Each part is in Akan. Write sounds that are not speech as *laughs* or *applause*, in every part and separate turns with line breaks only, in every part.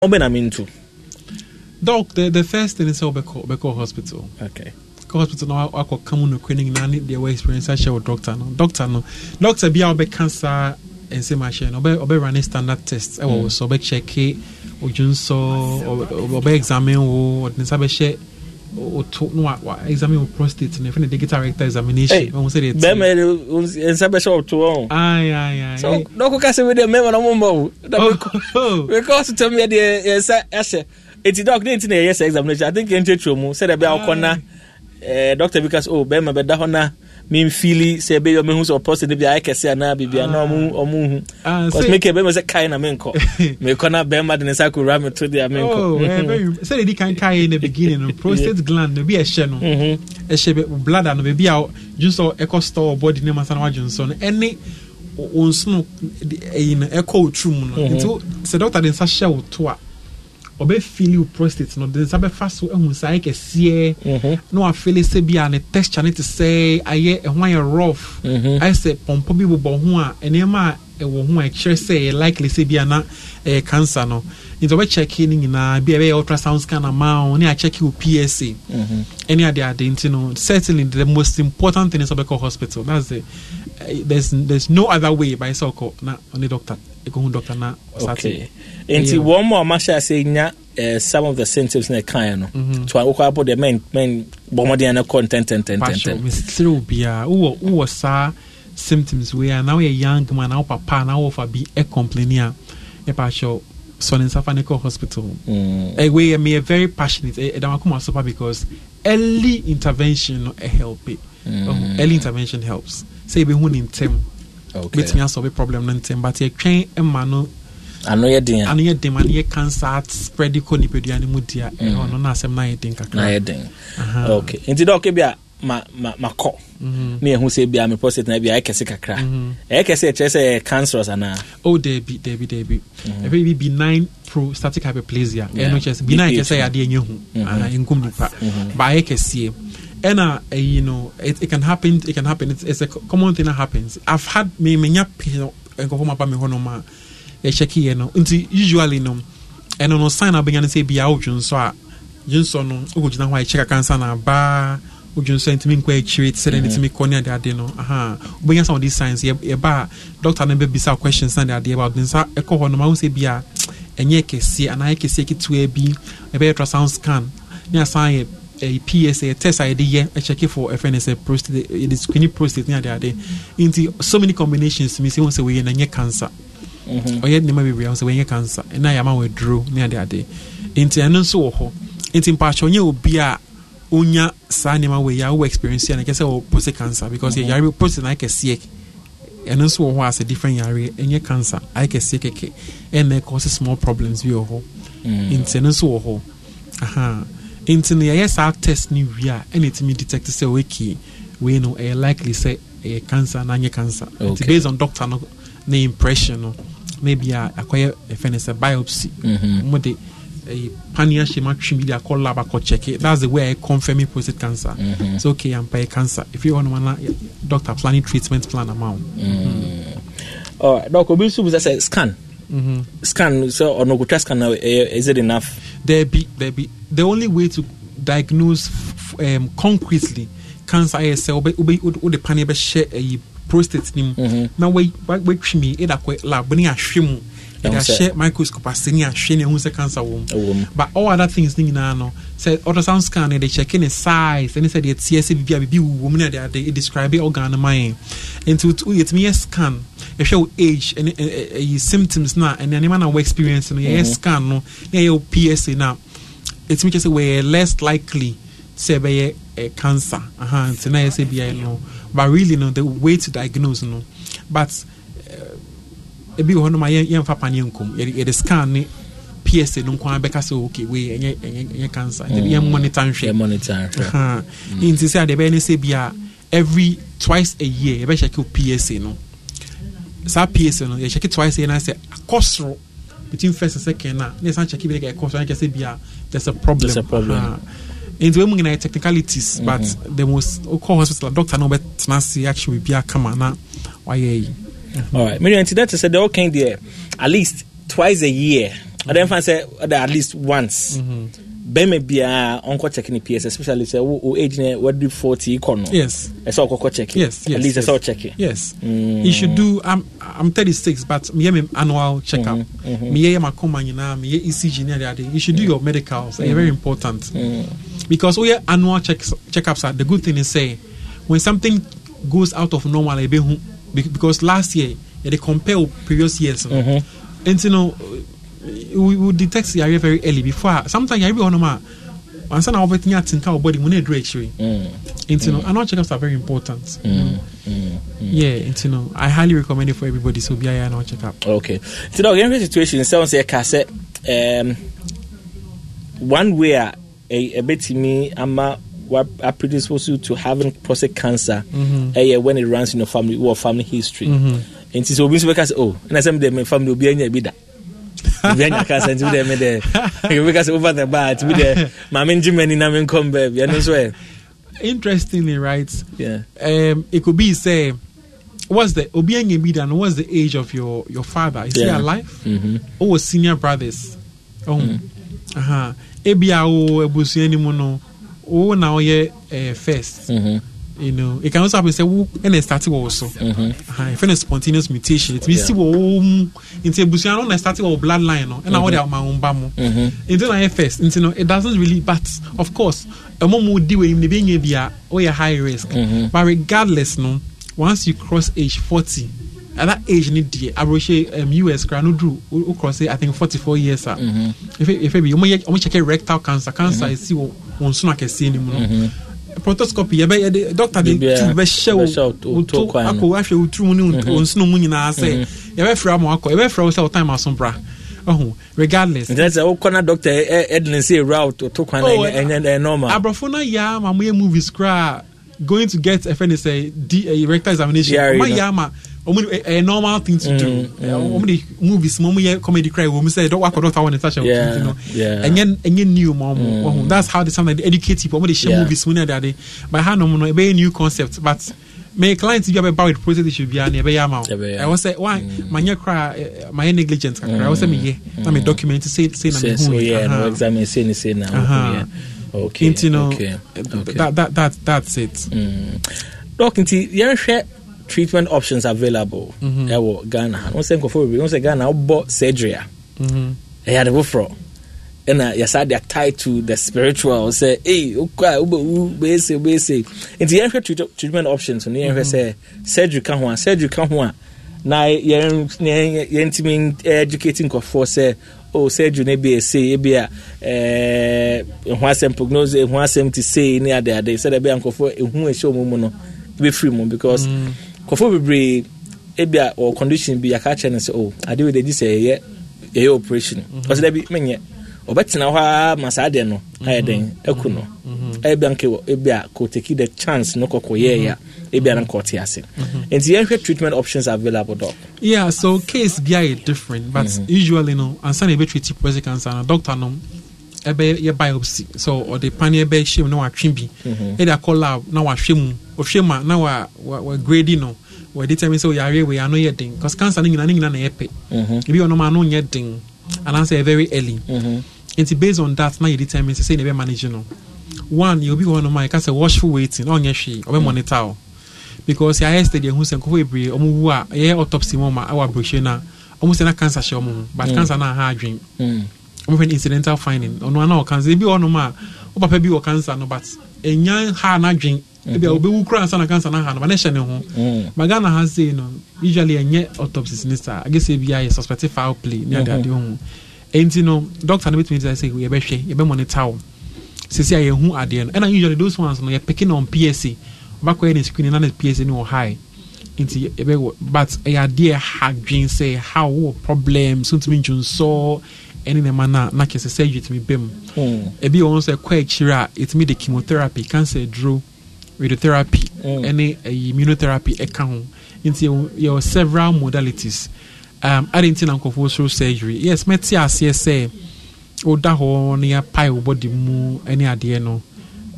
What have been to?
Doc, the, the first thing is Obeko, Obeko Hospital. Okay. Go Hospital now akɔ kamu no kwe ne nyinaa ne deɛ wɔ experience ahyɛ wɔ doctor no doctor no doctor Be be cancer and saa nsɛm ahyɛ no ɔbɛ be running standard tests. ɛwɔ wɔ so ɔbɛ check odwonsɔ be examine wo ɔde ne nsa bɛhyɛ ɔto e na examine wo prostate no ɛfɛ oh. ne digital rectal examination ɔhu sɛ deɛbɛma
ɛnsa bɛhyɛ ɔto ɔ dɔko ka sɛ wedeɛ mɛma no momma wo because tɔ meɛ deɛ yɛnsa ahyɛ ɛti dɔk ne nti na yɛyɛ sɛ examination i think ɛntuatuo e e mu sɛdeɛ bɛa wokɔ na eh, doctor oh, bi ka sɛ o bɛma bɛda hɔ na memfeeli sɛ ɛbɛyɛ ɔmɛhu sɛ ɔpɔsɛ ni bi ayɛ kɛse anaa biribi anaa
ah. ɔmo hu ah, bcause mekɛ
bɛma sɛ kae na menkɔ *laughs* mekɔ na bɛrima de ne sa kowura me to deɛ menkɔ oh, eh,
sɛ dedi kan kae na beginning no *laughs* prostate gland no bi ɛhyɛ e no ɛhyɛ mm-hmm. e bladder no baabi a dwu ɛkɔ store body ne masa na wadwe nsɔ no ɛne wo nsono ɛyi ɛkɔ wo mu no mm-hmm. nti sɛ doctor de nsa hyɛ wo to a ɔbɛfili prostate no de nsa bɛfa so ahu um, nsa ayɛ kɛseɛ na wafili sɛ bi a ne texture mm-hmm. no te sɛ ayɛ ɛho ayɛ rough ayɛ sɛ pɔmpɔ bi bobɔ ho a nneɛma a ɛwɔ ho a ɛkyerɛ sɛ ɛyɛ likely sɛ bi a na ɛyɛ cancer no nti check no nyinaa bi a ɛbɛyɛ ultrasound scan ama wo ne check wo psa ɛne adeade nti no certainly the most important thing is ɔbɛkɔ hospital that's the Eh, there's there's no other way by so, ɔkɔ na ɔne doctor ɛkɔhu doctor na ɔsate nti wɔn
one more, ɔmahyɛ ase nya eh, some of the symptoms na kan no to akɔ abɔ deɛ men men bɔmmɔden content, kɔ ntɛntɛntɛntɛntɛn mesrɛ
wo biaa wowɔ wowɔ sa symptoms wei a na a young man, na wo papa na wofa bi ɛcomplaini a yɛpaahyɛ sɔne nsa fa ne kɔ hospital mm. uh, wei meyɛ very passionate ɛdamakoma eh, sopa because early intervention no ɛhelpe mm. um, early intervention helps sɛ yɛbɛhu ne ntɛm bɛtumi asɔbe problem no ntɛm but yɛtwɛn ma no ano yɛ den ano yɛ den ma no yɛ cancer spread kɔ nipadua no mu di a ɛhɔ mm. no na asɛm no ayɛ den kakra okay nti dɛ
ɔkɛ bi a ma mhm. ne yɛhu sɛ bia me prostate bia ɛyɛ kɛse kakra mhm. ɛyɛ kɛse ɛkyerɛ sɛ ɛyɛ cancerous anaa
oh daabi daabi daabi ɛbɛ bi benign prostatic hyperplasia ɛno kyerɛ sɛ benign kyerɛ sɛ yɛ adeɛ ɛnyɛ hu mhm. nkum nipa ba ɛyɛ kɛseɛ ɛna uh, eh, you know it, it can happen it can happen it's, it's a common thing that happens i've had me menya nkɔfo eh, ma ba me hɔ nom a yɛhyɛ keyɛ no nti usually no ɛno no sign oh, oh, a wobɛnya no sɛ bia wodwen so a dwensɔ no wokɔgyina hɔ a ɛkyɛ kaka nsa na abaa wodwen so a ntumi nkɔ akyire te sɛ dɛ ne tumi kɔ ne adeade no aha wobɛnya sa wɔde science yɛba a doctor no bɛbisa question sa ne adeɛ ba wode nsa ɛkɔ hɔ nom a wo sɛ bia ɛnyɛ eh, kɛseɛ anaa yɛ kɛseɛ ketewa bi ɛbɛyɛ ultrasound scan ne asan yɛ ɛyi eh, psa test a yɛde yɛ ɛkyɛke for ɛfɛ no sɛ prostate eh, yɛde screening prostate ne adeade nti so many combinations mi sɛ hu sɛ wɔyɛ na nyɛ cancer ɔyɛ nneɛma bebree ahosɛ wɔnyɛ cancer ɛna yɛama wɔ aduro ne adeade nti ɛno nso wɔ hɔ nti mpaakyɛ ɔnyɛ obi a onya saa nneɛma wɔ yi a experience a na ɛkyɛ sɛ wɔ prostate cancer because yɛ mm-hmm. yare prostate na ayɛ ɛno nso wɔ hɔ a different yare ɛnyɛ cancer ayɛ kɛseɛ kɛkɛ ɛna ɛkɔ sɛ small problems bi wɔ hɔ nti ɛno nso wɔ hɔ nti no yɛyɛ saa test no wie a ɛna ɛtumi detect sɛ wɔki wei no ɛyɛ likely sɛ ɛyɛ cancer na anyɛ cancer okay. based on doctor no ne impression no na bi a akɔyɛ ɛfɛ no sɛ biopsy mo mhm. de ɛyɛ pani ahyɛ mu atwi bi de akɔ lab akɔ check that's the way I confirm prostate cancer mm-hmm. so okay ampa yɛ cancer if you wan na doctor planning treatment plan amount.
Mm. Mm. ɔ dɔkɔ obi nso bu sɛ sɛ scan. Mm-hmm. Scan so or no scan Is
it enough? There be there be the only way to diagnose um, concretely cancer is cell. But we the panel be share a prostate nim. Now we we we lab. We ni ashimu. yɛde ahyɛ microscope ase ne ahwɛ ne ɛhu sɛ cancer wɔ mu but all other things no nyinaa no sɛ ultrasound scan no yɛde kyɛke ne size ɛne sɛ deɛ teɛ sɛ biribi a biribi wowɔ mu ne yɛde describe organ no ma yɛn nti yɛtumi yɛ scan yɛhwɛ wo age ɛne eh, eh, eh, symptoms no a ɛne nneɛma na wɔ experience no yɛyɛ mm-hmm. scan no ne yɛyɛ wo psa no a ɛtumi kyɛ sɛ wɔyɛ less likely sɛ ɛbɛyɛ eh, cancer nti na yɛ sɛ biaɛ no but really no the way to diagnose no but ebi wɔ hɔ nom a yɛmfa paneɛ nkom yɛde scan ne psa no nko ara bɛka sɛ ok wei ɛnyɛ ɛnyɛ cancer ɛbi mm. yɛn monitor nhwɛ mm. nti sɛ adeɛ bɛyɛ ne sɛ bia every twice a year yɛbɛhyɛ kɛ psa no saa psa no yɛhyɛ kɛ twice a year na sɛ akɔ soro between first and second na ne san check bi like cost like say bia there's a problem there's a problem uh, nti wemu nyinaa technicalities mm -hmm. but mm-hmm. the most okɔ hospital doctor na ɔbɛtena se actually bia kama na wayɛ yi. all right
Many menu said they all came there at least twice a year mm and then fan said at least once mm-hmm. bɛrima biara ɔnkɔ check ps especially say who age ne wadu 40 kɔ no yes saw ɔkɔkɔ check yes, yes at least I saw checking. yes.
you mm. should do i'm i'm 36 but meyɛ me annual check up my yɛ makoma ecg you should do mm. your medicals They're very important mm. because because oh, woyɛ annual check checkups are the good thing is say when something goes out of normal who. because last year they compare previous years mm-hmm. and you know we, we detect area very early before sometimes yare on ma ansa na wobɛtumi atenka our body mu na ɛduru akyire nti no anal checkups are very important mm. Mm. Mm. mm. yeah nti no i highly recommend it for everybody so biara anal checkup
okay So now, na ɔgɛnhwɛ situation sɛ wo sɛ ɛka sɛ um, one way a eh, eh, bit to ɛbɛtumi ama what predisposes you to having prostate cancer mm-hmm. ɛyɛ eh, when it runs in your family or family history nti sɛ obi nso bɛka sɛ o ɛna sɛ mede me family obi anya bi da obi anya cancer nti mede me dɛ obi ka over the bar nti mede maame ngye m'ani na menkɔm baabi ɛno nso ɛ
interestingly right yeah. um, it could be say what's the obi anya what's the age of your your father is yeah. he alive mm-hmm. oh, senior brothers oh. mm-hmm. uh-huh. ebi a wo na ɔyɛ uh, eh, first. Mm-hmm. You know, it can also happen. Say, "Who and they started also." Mm-hmm. Uh, if any spontaneous mutation, it means see what um into a bush. I don't start with bloodline, no, and I order mm-hmm. my own bamu. Mm-hmm. It don't have first. You know, it doesn't really. But of course, a mom would deal with him. The being a beer, or a high risk. Mm-hmm. But regardless, no, once you cross age 40, at that age need the aburokye um, us kora no cross it. i think forty four years a. efe mm-hmm. if bi ɔmo yɛ ɔmo check rectal cancer cancer esi wɔ. Mm-hmm wɔnsono akɛseɛ ni mu no protoscopy yɛbɛyɛ de doctor de tu bɛhyɛ wo to akɔ ahwɛ wo turu mu ne wɔnsono mu nyinaa sɛ yɛbɛfrɛ ama akɔ yɛbɛfrɛ wo sɛ wo time aso bra ɔho regardless. ǹjẹ́ sẹ́ wọ́n
doctor dọ́kítà ẹ̀dínlẹ̀ sí èrò àwọn tó kwan náà ẹ̀yẹ ẹ̀ normal.
àbúròfó náà yà á ma mo yẹ movies kura going to get ẹ̀fẹ́ ni sẹ́ di rectal examination ọmọ yà ma. A eh, eh, normal thing to do wɔn mm, mm. de movies wɔn yɛ comedy cry wɔn sɛ dɔw akɔ dɔkta wɔn ne tahyɛ wɔn no ɛnyɛ ɛnyɛ new ma wɔn wɔn that's how they sound. sometimes educate people wɔn de hyɛ movies wɔn ne adeade by hand wɔn no ɛbɛyɛ e new concept but e e mm. my clients, you have a bɛba with process issue bi a na ɛbɛyɛ ama wɔn ɛwɔ sɛ My ma nyɛ kora ma yɛ I kakra ɛwɔ sɛ mi yɛ na mi document say say na mi hu yɛ na examine
say ni say na uh-huh.
Okay. hu yɛ okay eh, Okay. no that that that
that's it. dɔk nti yɛn hwɛ treatment options available ɛwɔ mm-hmm. ghana ha wɔn sɛ nkɔfo bebree wɔn sɛ ghana ɔbɔ surgery a
ɛyɛ
ade foforɔ ɛna yɛsa de tied to the spiritual sɛ ee okɔ a wobɛwu bɛyɛse bɛyɛse nti yɛnhwɛ treatment options no yɛnhwɛ sɛ surgery ka ho a surgery ka ho a na yɛntumi educate nkɔfoɔ sɛ oh, surgery no bi ɛse ebi a ɛho some eh, prognosis some ɛho asɛm te sei ne adeade sɛdeɛ ɛbɛyɛ nkɔfoɔ ɛhu ɛhyɛ show mu no free mu because. Mm kɔfo bebree ebia a condition bi yaka akyɛ no sɛ o oh, ade wo de di sɛ yɛyɛ yɛyɛ operation mhm. ɔsɛ dɛ bi menyɛ ɔbɛtena hɔ ara ma saa deɛ no ayɛ mhm. dɛn ɛku no mhm. ebia bi wɔ ebi a teki the chance no kɔkɔ yɛɛya ebi a no kɔ te ase nti yɛhwɛ treatment options available dɔ.
yeah so case bi a yɛ different but mm -hmm. usually no ansan na ebi treat breast cancer na doctor no ɛbɛ yɛ biopsy so ɔde pan yɛ bɛ hyɛ mu na watwe bi ɛde akɔ lab na wahwɛ mu wohwɛ ma na wa wa, no wɔde tɛmi sɛ oyare wei ano yɛ den cause cancer no nyinaa ne nyinaa na yɛ pɛ mhm. ebi wɔn ano nyɛ den anaasɛ yɛ very early mm-hmm. nti based on that na yɛ determine sɛ sɛ yɛ bɛ manage no one yɛ obi wɔ hɔ nom a yɛ ka sɛ watchful waiting ɔnyɛ hwee ɔbɛ mm. monitor o because yɛ ayɛ steady ehu sɛ nkɔfo bebree ɔmo wu a yɛ autopsy mu ma ɛwɔ aburohyɛ na ɔmo sɛ na cancer hyɛ ɔmo ho but mm. cancer na aha adwene mm. ɔmo fɛ no incidental finding ɔno ana wɔ cancer ebi wɔ hɔ nom a ɔpapa bi wɔ cancer no but ɛnya ha na adwene ebi a mhm. obewu kura ansa na kansa na ha no ma ne hyɛ ne ho mhm. ma ghana ha sei no usually autopsy autopsies ne saa agese bi ayɛ suspected foul play ne ade mhm. ade ho enti no doctor no betumi sɛ yɛbɛhwɛ yɛbɛmɔnita wo sisi a yɛhu adeɛ no ɛna usually those ones no yɛpeke na on psa ɔbakɔyɛ ne screen na ne psa ne wɔ high nti yɛbɛwɔ but ɛyɛ adeɛ ha dwen sɛ ha wowɔ problem so ntumi ntwi nsɔɔ ɛne nɛma no a na kyɛ sɛ sɛ yɛtumi bɛ mu ebi wɔ sɛ kɔ akyire a ɛtumi de chemotherapy cancer duro radiotherapy ɛne mm. uh, immunotherapy ɛka ho nti yɛwɔ several modalities um, ade nti na nkɔfoɔ soro surgery yes mɛte aseɛ sɛ oh, woda hɔ ne yɛpae wo oh, bɔde mu ne adeɛ no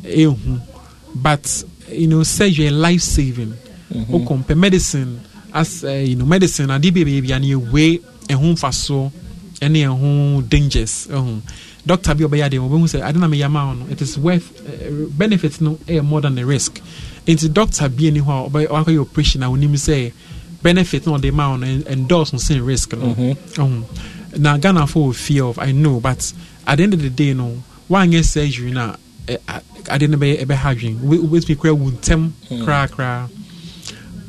ɛhu eh, hmm. but you know, surgery life saving wo mm -hmm. Oh, medicine as uh, you know, medicine adeɛ bebree bia ne yɛwei ɛho mfasoɔ ɛne ɛho dangers ɛho uh, doctor bi ɔbɛyɛ adeɛ wɔbɛhu sɛ ade na meyɛ ama wo no it is worth uh, benefit no ɛyɛ eh, more than the risk nti doctor bi ani hɔ a ɔbɛyɛ ɔakɔyɛ operation a onim sɛ benefit na ɔde ma wo no endorse no sen risk no mm-hmm. um, mm-hmm. na Ghana wɔ fear of i know but at the end of the day no woanyɛ surgery no a ade no bɛyɛ ɛbɛha adwen wobɛtumi kora wu ntɛm korakora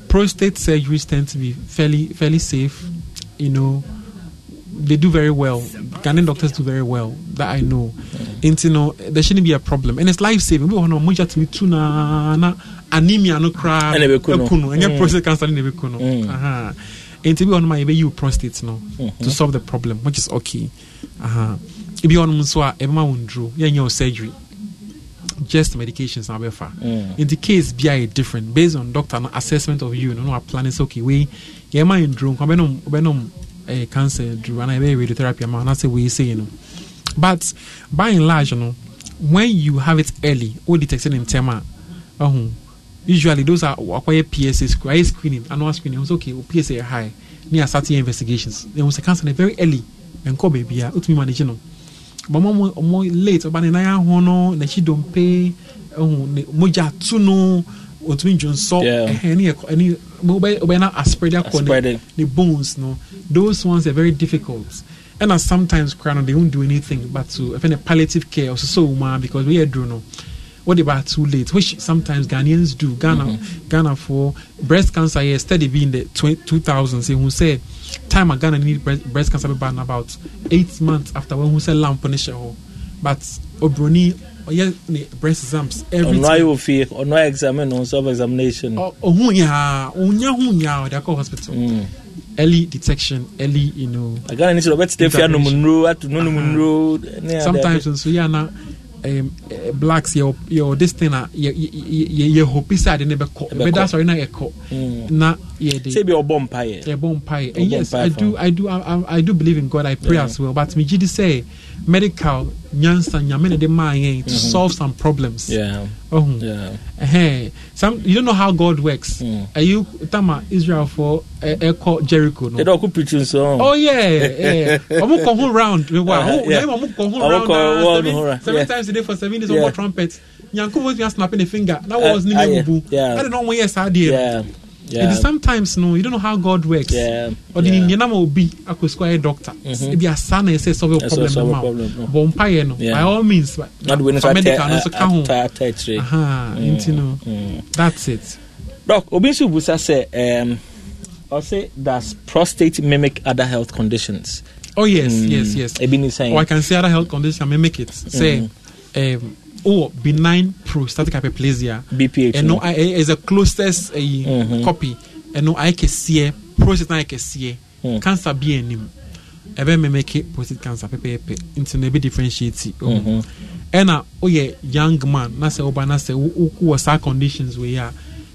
prostate surgeries tend to be fairly fairly safe you know they do very well. Ghanaian doctors do very well that I know. And you know, there shouldn't be a problem. And it's life saving. We want to mucha to too na anemia no cry. And your prostate cancer in the kuno. Uh-huh. And to be on my baby you prostate no to mm-hmm. solve the problem, which is okay. Uh-huh. If you on muswa, Emma won't drew. Yeah, your surgery. Just medications now befa. Mm. In the case be I different based on doctor assessment of you, you know, planning okay, we yeah, my drone, ɛyɛ cancer aduru anaa ɛbɛyɛ radiotherapy ama anaasɛ weesei no but by and large no when you have it early o detect in ntɛm a ɛho usually those are akɔyɛ psa screen ayɛ screening annual screening ɛho okay o oh, psa yɛ high ne yɛ start yɛ investigations ɛho sɛ cancer no very early ɛnkɔ baabi a otumi manage uh-huh, no but ɔmo ɔmo late ɔba ne nan ahoɔ no n'akyi dompe ɛho ne mogya tu no otumi nsonsɔ ɛni ɛkɔ ɛni ɔbɛyɛ na asperger kɔ ne ne bones no those ones are very difficult ɛna sometimes kora no they won't do anything but to ɛfɛ ne palliative care ɔsɔ sɔ wɔn because wɔyɛ duro no what about too late which sometimes ghanaians do ghana mm-hmm. ghana for breast cancer yɛ steady bi in the two thousand say hun say time a ghana need breast, breast cancer be ban about eight months after when hun say lamp ne hyɛ hɔ but obroni ɔyɛ ne breast exams everything. ɔno ayɛ
ofie ɔno ayɛ examen no nso of examination.
ɔhun nyaa onya ho nyaa ɔde akɔ hospital. Mm. early detection early you know. agana ni sọ ọbẹ tètè fi anum nnuro atu nunum nnuro. sometimes nso yà na um, eh, blacks yɛ yɛ this thing a yɛ yɛ yɛ hope sɛ ade ne bɛ kɔ ɛbɛ da sɔrɔ yɛ na yɛ kɔ na. yeah, they, say be obom paye. Obom paye. And yes, I do, I do, I, I do believe in God. I pray yeah. as well. But me jidi say medical nyansa nyamene de eh to mm-hmm. solve some problems. Yeah. Oh. Yeah. Hey, some you don't know how God works. Mm. Are you tama Israel for echo eh, eh, Jericho? No.
They preaching so. Oh yeah. Eh. *laughs* Omu ko who
round. Wow. Omu ko who round. Ah, seven times a day for seven days. Omu trumpet. Nyankubu was snapping a finger. That uh, was ah, Yeah. I don't know when yes I did yeah. sometimes no you don't know how god works yeah in yeah. nyinam a obi akɔ sukuu ayɛ doctor mm-hmm. ebi asa na ɛsɛ solve problem na But umpire mpa yɛ by all means but medical no nso ka ho mm, nti
mm. that's it. Doc, obi nso busa sɛ um, say does prostate mimic other health conditions. Oh yes, mm. yes, yes. have been saying. Or I can
say other health conditions mimic it. Say. Mm. Um, oh benign prostatic hyperplasia BPH ɛno eh, is the closest eh, mm-hmm. copy ɛno ayɛ kɛseɛ prostate ayɛ kɛseɛ mm. cancer bi anim ɛbɛ mmɛmɛke prostate cancer pɛpɛɛpɛ nti na ebi differentiate ɛna oh. mm-hmm. woyɛ oh, young man na sɛ woba na sɛ wowɔ saa conditions wei e a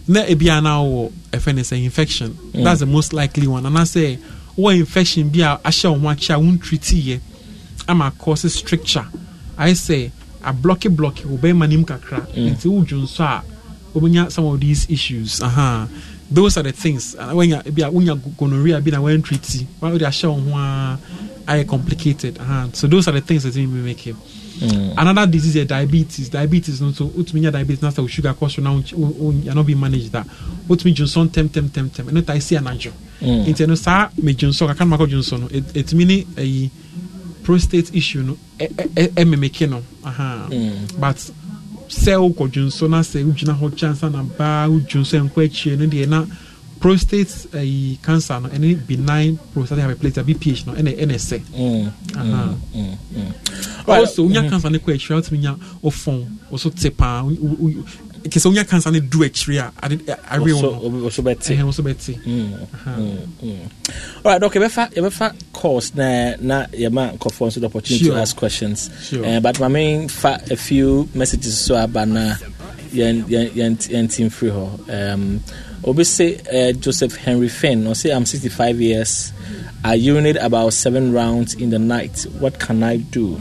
na ebi ana wɔ ɛfɛ ne sɛ infection mm. that's the most likely one anaasɛ wɔ infection bi a ahyɛ wo ho akyɛ a wontreatiiɛ ama cause stricture ayɛ sɛ ablɔke blɔke wo bɛrima nim kakra mm. nti wodwo nso a wobɛnya some of these issues Uh huh. those are the things wanya bi a wonya gonorrhea bi na wantreati wode ahyɛ wo ho a ayɛ complicated Uh huh. so those are the things that we make him Mm. another disease yɛ diabetes diabetes no nso wotumi nya diabetes na sɛ wo sugar kɔ so na yɛno be managed that wotumi dwonso ntɛmtɛmtɛmtɛm ɛno tae si anadwo mm. nti ɛno saa medwonso kakra no makɔ dwonso no ɛtumi ne ayi prostate issue no ɛmemeke no mm. but sɛ wokɔdwo nso na cell wogyina hɔ kyansa na baa wodwo nso ɛnkɔ akyire no deɛ na prostate ayi cancer no ɛne benign prostate hyperplasia bph no ɛna ɛna ɛsɛ mm. Mm, also wonya cancer ne kɔ akyire wotumi nya ɔfɔn wɔso te paa ke sɛ wonya cancer no du akyiri a awe woso
bɛte alright dɔk yɛbɛfa yɛbɛfa calls na na yɛma nkɔfoɔ nso the opportunity sure. to ask questions sure. uh, but mame fa a few messages so aba na yɛntim firi hɔ obi say uh, joseph henry finn or say i'm 65 years i urinate about seven rounds in the night what can i do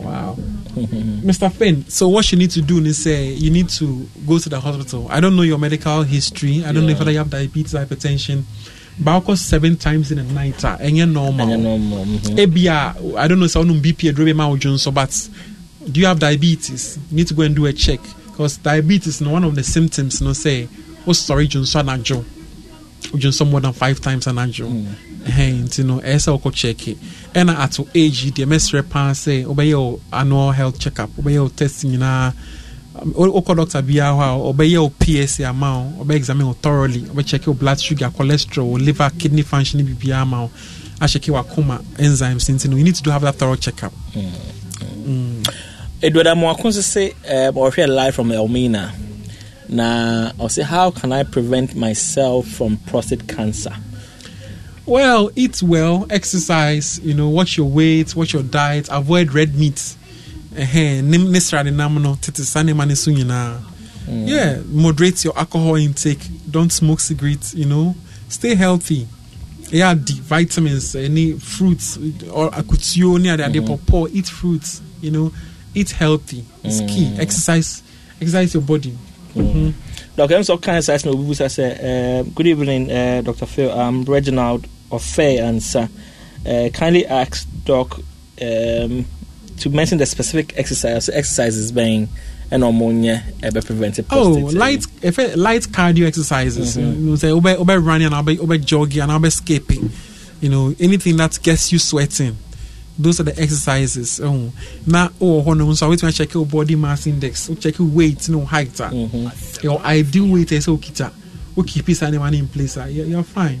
wow *laughs* Mr. Finn, so what you need to do is say you need to go to the hospital. I don't know your medical history. I don't yeah. know if you have diabetes, hypertension. But Balco seven times in a night and ah, you're normal. And normal. Mm-hmm. I don't know someone BP a but do you have diabetes? You need to go and do a check. Because diabetes is one of the symptoms, you no know, say, oh sorry, Johnson Johnson more than uh, five times an angel. Mm nti no ɛyɛ sɛ wokɔ chɛke ɛna ato age deɛ mɛserɛ paa sɛ wobɛyɛ wo annual health checkup wobɛyɛ wo test nyinaa um, wokɔ doctor biara hɔ a ɔbɛyɛ wo psa ama wo ɔbɛyɛ examine wo thoroughly wobɛkyɛke wo blood sugar cholesterol liver kidney function biribiara ma wo ahyɛke wakoma enzymes nti no you need to do have that thorough checkup mm. mm.
eduada mmoako nso se ɔhwɛ live from elmina na ɔse how can i prevent myself from prostate cancer
well, eat well, exercise, you know, watch your weight, watch your diet, avoid red meat. Mm. Yeah, moderate your alcohol intake, don't smoke cigarettes, you know, stay healthy. Yeah, the vitamins, any fruits, or akutio, mm-hmm. eat fruits, you know, eat healthy. It's mm. key. Exercise, exercise your body. Mm. Mm-hmm.
Dr. M. Sokan Say good evening, uh, Dr. Phil. I'm Reginald or fair answer, uh, kindly ask Doc um, to mention the specific exercise, so exercises being an ammonia ever prevented oh
light if it, light cardio exercises mm-hmm. you know say over over running over, over jogging and over skipping you know anything that gets you sweating those are the exercises oh now oh hold on so i wait to check your body mass index oh, check your weight no height ah. mm-hmm. your ideal weight is okay oh, oh, keep this animal in place you're fine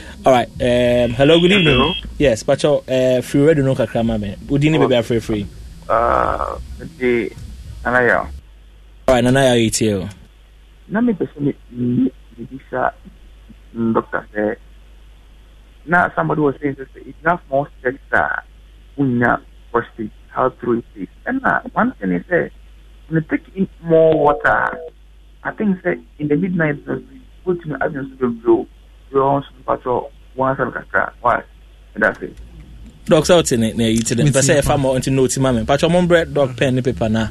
all right um, hello good evening hello. yes pacho uh, free radio no kakra ma me odi ni bebe Free, free
uh the. anaya
all right anaya you tell
na me person ni bisa doctor say eh, na somebody was saying that it's not more sex that unya prostate how through it is and uh, one thing is that eh, when you take in more water i think say eh, in the midnight go to the avenue to blow yɔn so nipa tɔ wɔn asɛm kakra wa ɛda se.
dɔk sɛ wote ne ayi ti dɛ mpɛ sɛ yɛfa ma ɔnti note ma me mpatwɛ mombrɛ dɔk pen ne pepa no a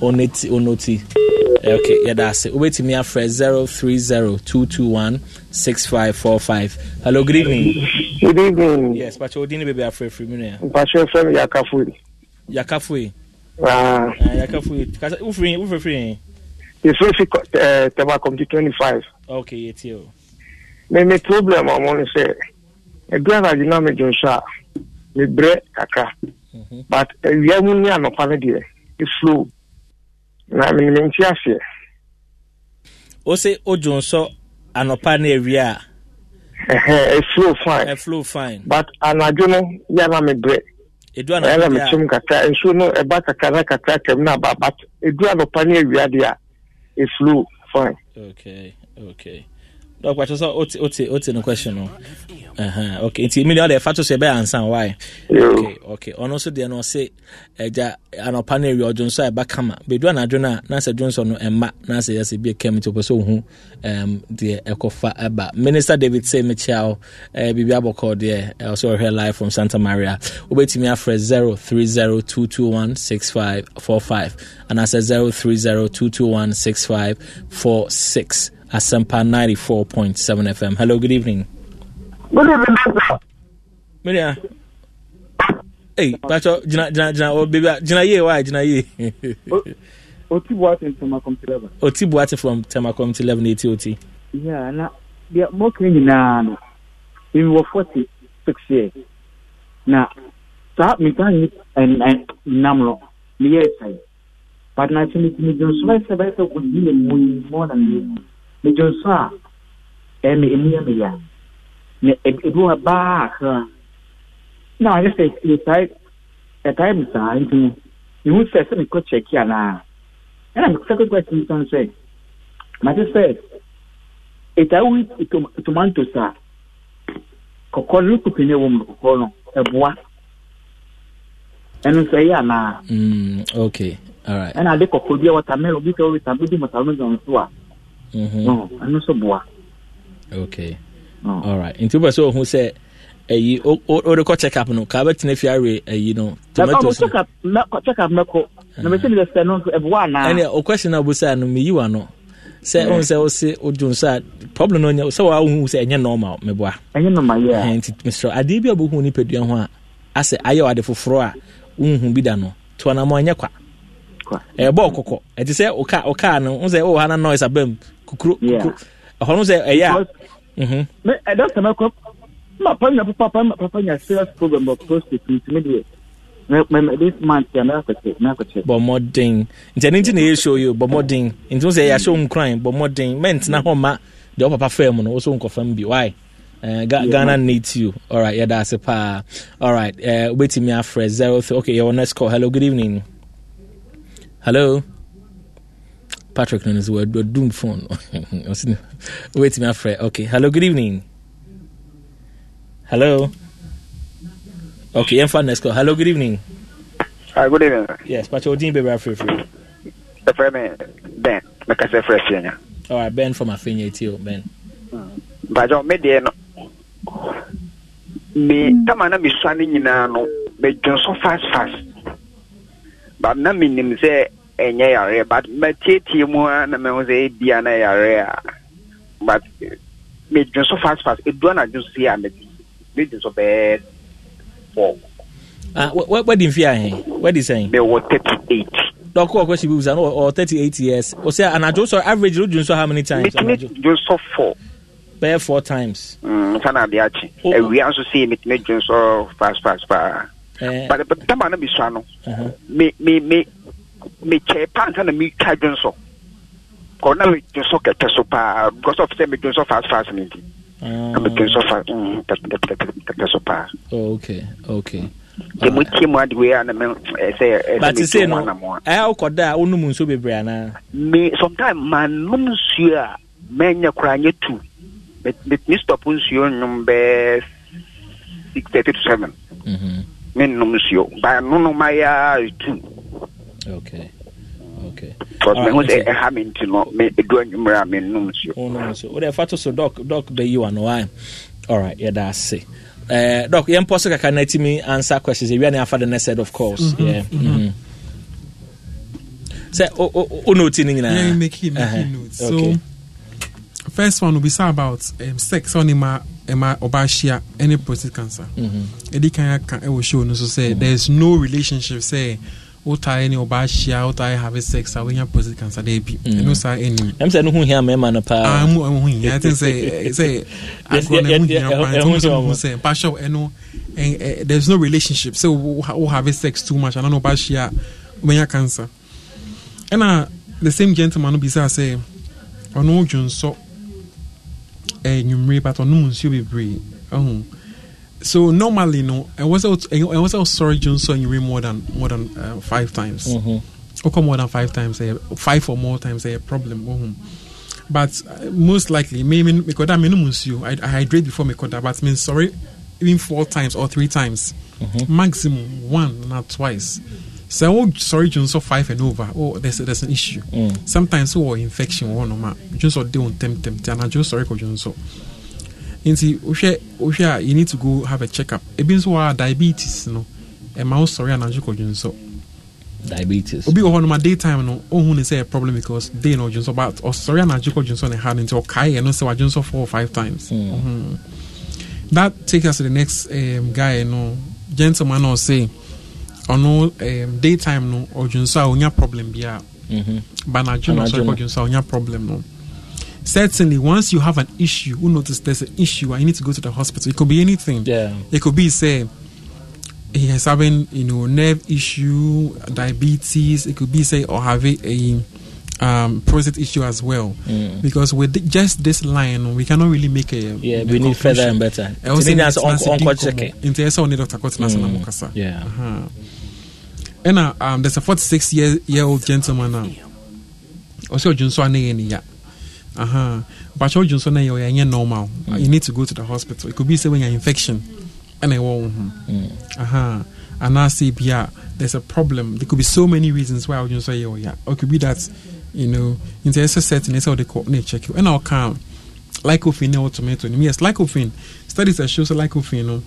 ɔnɔti ɔnɔti ok yɛda ase wobɛtumi afrɛ 0302216545 hello good evening good evening yes mpatwɛ wodin ne baabi afrɛ firi mu no ya mpatwɛ
frɛ me yakafoe
yakafoe ah. ah, uh, yakafoe wofiri wofiri firi yɛfiri fi tɛba
comti 25
ok yɛtie o
me me problem ọmọ ni sẹ ẹdun anagye na mi dun so a mi brẹ kakra but ewia mu ni anọpa ni deɛ eflow na mi ni mi nti aseɛ.
o se o dun so anọpa ni ewia. eflow fine eflow
eh, fine but anadwo e eh, no yɛ eh, na mi brɛ edu anọpa ni ewia ɛyɛ na mi kyem kakra nsuo no ɛba kakra na kakra tɛm na ba but edu anọpa ni ewia deɛ eflow fine.
okay okay dɔkpa kyerɛ sɛ wote wote wote no question no uh-huh. okay nti mi ni ɔde ɛfa to so ɛbɛyɛ ansan why okay okay ɔno nso deɛ no ɔse ɛgya anɔpa no awia ɔdwo nso a ɛba kama bɛdu anadwo no a nansɛ dwo nso no ɛma nansɛ yɛsɛ bi ɛkɛm nti ɔpɛ sɛ ɔhu um, deɛ ɛkɔfa ɛba minister david sɛ mekyia wo uh, biribi abɔkɔ deɛ ɔsɛ ɔhwɛ live from santa maria wobɛtumi afrɛ 0302216545 anaasɛ 0302216546 Asampa 94.7 FM. Hello, good evening. Good evening, Pastor. Hey, Pastor, jina, jina, jina, oh, baby, jina ye, why, jina ye?
Oti Buate from Temakom eleven?
Oti Buate from Temakom 11, eti oti.
Yeah, na, they mo more clean na, no. We were 46 years. Na, saa, mi kan ni, nam no, mi ye say. But na, chini, mi jonsumai sebe, so, good, mu know, more than you medwo nso a ɛyɛ eh, me ɛmu yɛ e, e na ebi wɔ baa akra na ɔyɛ sɛ yɛtae yɛtae mu saa nti ihu sɛ sɛ mekɔ kyɛki anaa ɛna mekɔ sɛ kɔkɔ atim sɔn sɛ mate sɛ yɛtae wo tomantos a kɔkɔɔ no lukupi ne wɔ mu kɔkɔɔ no ɛboa ɛno nso ɛyɛ anaa
ɛna
ade kɔkɔɔ bi a wɔtamelo bi sɛ wɔtamelo bi mɔtamelo nso a Mm-hmm. ɛno nso boa
nti wopɛ sɛ ɔhu sɛ ayi wode kɔ checkup no kaa bɛtena fie awe ayi no tomatocheckup
mɛkɔ na uh-huh. no na a
wobusaa no meyi wa no sɛ wohu sɛ wo se so a problem no sɛ sɛ ɛnyɛ normal meboa nti mesrɛ adeɛ bi a nipadua ho a asɛ ayɛ ade foforɔ a bi da no ɛnyɛ kwa kɔkɔ sɛ wokaa no wo sɛ wowɔ ha na noise
kukuro kukuro ɛhɔ no sɛ ɛyɛ a. mɛ ɛdá sɛmɛ kɔ mma papa nya papa mma papa nya serious problem of prostate nti mi deɛ mɛ mɛ this month yɛ mɛ akɔkyɛ
mɛ akɔkyɛ. bɔmɔden nti ɛni ti na yɛ show yi o bɔmɔden nti o sɛ yɛ ahyɛ nkran bɔmɔden mɛ ntena hɔ ma deɛ ɔpapa fɛn mu no o so nkɔfa mu bi why. Uh, Ga- yeah, Ghana needs you. All right, yeah, that's a pa. All right, uh, eh, wait till me after zero. Th- okay, your next call. Hello, good evening. Hello. Patrick no is word doom phone. *laughs* Wait, my friend. Okay. Hello, good evening. Hello. Okay, I'm fine. Next call. Hello, good evening. Hi, good evening. Yes, Patrick Odin Baby Afri Free.
The friend Ben. Make us fresh senior.
All right, Ben from Afinia too, Ben.
Mm. But John, me dear no. Me, tama na mi sani nyina no. Me so fast fast. But na mi nim say ɛnyɛ yare but mɛtietie mu a na mɛhu sɛ ebia na yare a but medwin so fast fast edua na adwin so yɛ a mɛdi medwin so bɛɛ fɔ.
ah wɛ wɛ di nfi ahɛn wɛ di sɛn. mɛ wɔ thirty eight. dɔkɔ ɔkɔ si bi wusa ɔ oh, thirty eight years o oh, sɛ anadio sɔ average o dun how many times. mitumi
dun sɔ four.
bɛɛ four times.
sanni mm, adi akyi oh. ewia nso si mitumi dun sɔ fast fast paa. Eh. but but dama na mi sɔ ano. mi mi mi mekyɛe paa nsa na metwa dwen so kɔ na medwen so kɛtɛ so paa because of sɛ medwen so fast fast no nti ah. na medwen mm, so fast kɛtɛ so paa oh, okay okay nti motie mu ade wei a na mesɛbate eh, eh, se no
ɛyɛ wokɔda a eh, wonom nso bebree anaa me sometime manom nsuo a
mɛnyɛ koraa nyɛ tu metumi stop nsuo nnwom bɛɛ six thirty to seven mm-hmm. mennom nsuo ba nonom ayɛ a tu okay okay. because mehu sɛ ɛha me nti no ɛdu anwummerɛ a mennom
oh, nsuo wode ɛfa to so dɔk dɔk bɛyi wa no a alright yɛda ase Uh, eh, doc yɛmpɔ so kaka na atumi answer questions ɛwia ne afa the next set of course mm-hmm. yeah. mm-hmm. mm-hmm. sɛ wo note no nyinaa uh-huh. so
first one we saw about um, sex on ma ɛma eh, ɔbaahyia ɛne prostate cancer ɛdi mm -hmm. kan aka ɛwɔ eh, show no so sɛ mm mm-hmm. there is no relationship sɛ wotae ne ɔbaa hyia wotae have sex a wonya prostate cancer da bi ɛno saa ɛnim ɛm sɛ no ho hia mmarima
no paa mu ɛho hia ten sɛ sɛ agorɔ no ɛho hia paa nti mo sɛ
mpahyɛw ɛno there's no relationship sɛ wo have sex too much ana na ɔbaa hyia wobɛnya cancer ɛna the same gentleman no bisaa sɛ ɔno dwonsɔ ɛnwummere but ɔnom nsuo bebree ɛho oh so normally no I was I was sorry, dwo You anwumere more than more than uh, five times wokɔ mm-hmm. more than five times ɛyɛ eh, five or more times ɛyɛ eh, problem wɔ hom but uh, most likely maybe because I me nom nsuo I, I hydrate before mekɔda but me sorry, even four times or three times mm-hmm. maximum one not twice So wo sɔre dwo five and over oh there's, there's an issue mm. sometimes wowɔ oh, infection wɔ hɔ nom a dwo nsɔ de wo ntɛmtɛm nti anadwo sɔre nti wohwɛ wohwɛ a you need to go have a check up ebi nso wɔ a diabetes no ɛma wo sɔre anadwo kɔ dwonsɔ
diabetes
obi wɔ hɔ noma day time no ohun ne sɛ ɛyɛ problem because day no, ɔdwonsɔ but ɔsɔre anadwo kɔ dwonsɔ ne ha no nti ɔkae yɛ no sɛ wadwonsɔ four or five times mm. uh hmm. -huh. that take us to the next um, guy no gentleman na ɔse ɔno um, day time no ɔdwonsɔ a onya problem bia mm -hmm. but anadwo na ɔsɔre kɔ dwonsɔ a onya problem no. certainly once you have an issue who notice there's an issue and you need to go to the hospital it could be anything yeah it could be say he has having you know nerve issue diabetes it could be say or have a um, prostate issue as well mm. because with the, just this line we cannot really make a yeah a we need further and better also need that's on on check into eso need dr kotinas mm. namukasa yeah uh-huh. and uh, um, there's a 46 year year old gentleman now also ya uh-huh. But you so know eh, you're normal. Mm. You need to go to the hospital. It could be say when you're infection. And I won't. Mm-hmm. Mm. Uh-huh. And I say, yeah, there's a problem. There could be so many reasons why I would say, oh, yeah. it could be that, you know, in the setting, it's how they oh, call it, check you. And I'll come. Lycopene or tomato. Yes, lycopene. Studies that shows lycopene. You know,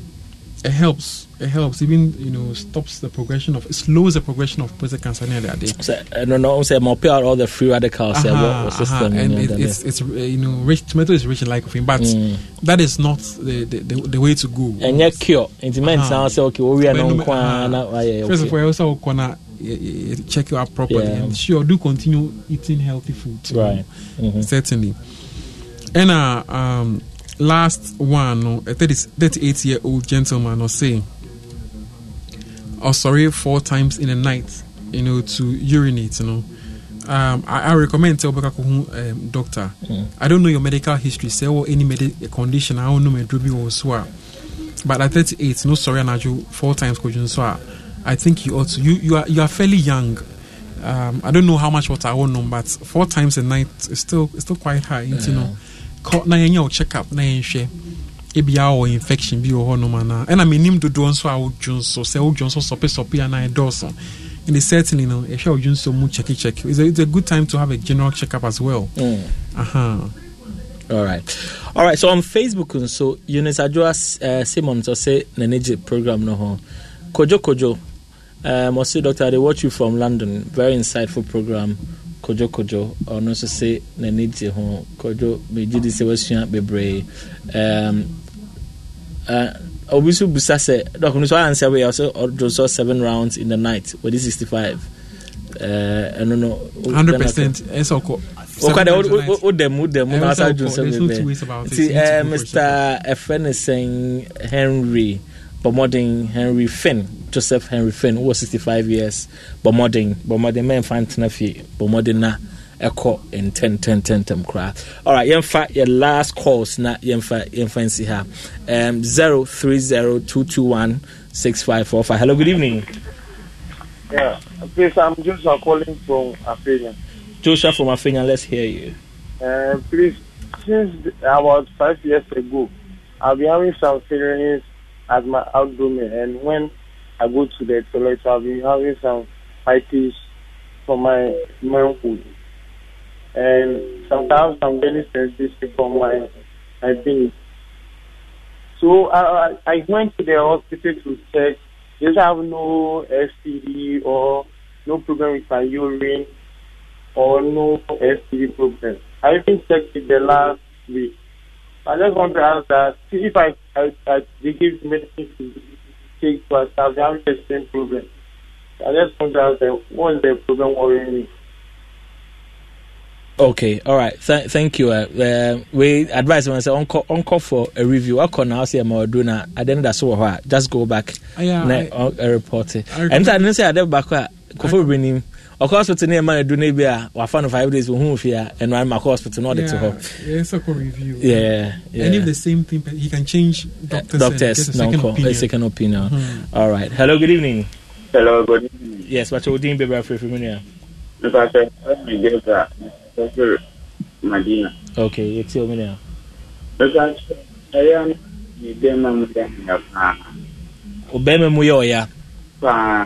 it helps. It helps. Even you know stops the progression of slows the progression of prostate cancer near that day.
So I don't know. Say more out all the free radicals. Uh-huh, uh-huh. and you know, it's, it's
you know rich tomato is rich in lycopene, but mm. that is not the the, the, the way to go. And yet cure. It means uh-huh. say okay, we are not First of all, also we to check you up properly yeah. and sure do continue eating healthy food. Right. Mm-hmm. Certainly. And uh, um last one no uh, a 38 year old gentleman or say or sorry four times in a night you know to urinate you know um, I, I recommend tell Baka um, doctor. Mm. I don't know your medical history, say or any medical condition. I don't know my drubi or so. But at 38, no sorry, Anaju, four times kojun so. I think you ought to. You you are you are fairly young. Um, I don't know how much water I want, but four times a night is still is still quite high, you know. na yɛnyɛ wo checkup na yɛnhwɛ ebia wɔ infection bi wɔ hɔnom anaa ɛna menim dodoɔ nso a wodwo nso sɛ wodwo nso sɔpesɔpe anaa ɛdɔɔso in the certainly no ɛhwɛ wodwo nso mu checkycheck it's a, it's a good time to have a general checkup as well mm. uh-huh. All right.
All right. So on Facebook, so Eunice Adjoa uh, Simon to say Nenege program no ho. Kojo Kojo. Um, I see Doctor, they watch you from London. Very insightful program kodwokɔdwo ɔno nso se n'ani te ho kɔdwo megye di sɛ wasua bebree um, uh, obi nso busa sɛ dɔk no so ansɛ wei ɔsɛ ɔdwo sɔ seven rounds in the night sixty-five. wɔde 65 ɛno no 100 ɛsɛ ɔkɔ wokɔ dɛ wodam wodam na wasa dwo sɛ bebree nti mr ɛfrɛ ne sɛn henry Bomading henry finn joseph henry finn was 65 years bɔmmɔden bɔmmɔden mɛmfa echo in 10 10 10 10 koraa alright yɛmfa yɛ last calls na yɛmfa yɛmfa nsi ha um, 0302216545 hello good evening
yeah please i'm joshua calling from afenya
joshua from afenya let's hear you
uh, please since about five years ago i've been having some feelings my abdomen. And when I go to the toilet, i will be having some fightings for my manhood. And sometimes I'm very sensitive for my, my penis. So I, I went to the hospital to check. Just have no STD or no problem with my urine or no STD problem. I even checked it the last week. I just want to ask that if I, I, they give medicine to take but I've having the same problem. I just want to ask them what is the problem worrying me?
Okay, all right. Th- thank you. Uh, uh, we advise when I say uncle, uncle for a review. I call now say my do na. I didn't that's what. Just go back. Oh, yeah, I, uh, report it. And I didn't say I did back kɔfɔ bebree nim ɔkɔ hospital ne ɛma no do ne bi a wafa no five days ohun fi a ɛnu ayɛ makɔ hospital na ɔde to
hɔ. yeah yeah and if the same thing he can change doctors, doctors and get a second opinion. A second opinion. all right
hello good evening.
hello good evening.
yes wàá tẹ o dín bèbè afẹ́ fún mi nìyà.
nípa sẹ ẹbí gẹ́gà ṣẹ́fẹ̀ madina.
okay yẹ ti omi nìyà.
nípa sẹ ẹyà mi bẹ́ẹ̀ máa mú yà ọ̀yà.
ọ̀bẹ́ẹ̀ mi mú yà ọ̀yà. paa.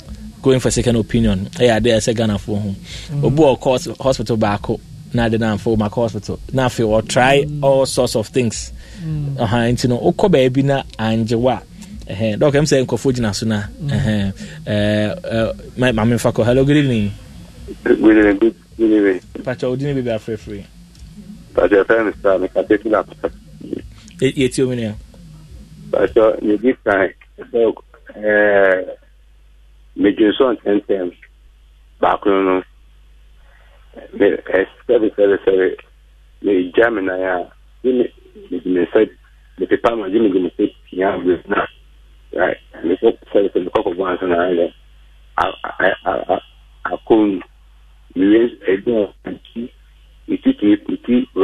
going for second opinion ɛyɛ adeɛ ɛsɛ ghanafoɔ ho mm. obi ɔkɔ hospital baako na ade namfa ɔmakɔ hospital na afei ɔtry mm. all sorts of things mm. nti no wokɔ baabi na angyewa a dɔk m sɛ nkɔfoɔ gyina so no mamemfa kɔ hello good evening
good evening
pakyɛ wodine biribi afrɛfrɛ
pakyɛ e fɛ mr mekatɛ fila
yɛtiomi e, e nea
pakyɛ medi kan sɛ medwin so ntɛntɛn baako no me ɛ sɛbi sɛbi sɛbi me gya me nan a gye me mede me nsa me pepa ma gye me de me nsa tia bi na me sɛ sɛbi sɛbi kɔkɔ bɔ ansa na ayɛ a a a akɔn mi wɛ ɛdun ɔkàn ti mi ti mi ra.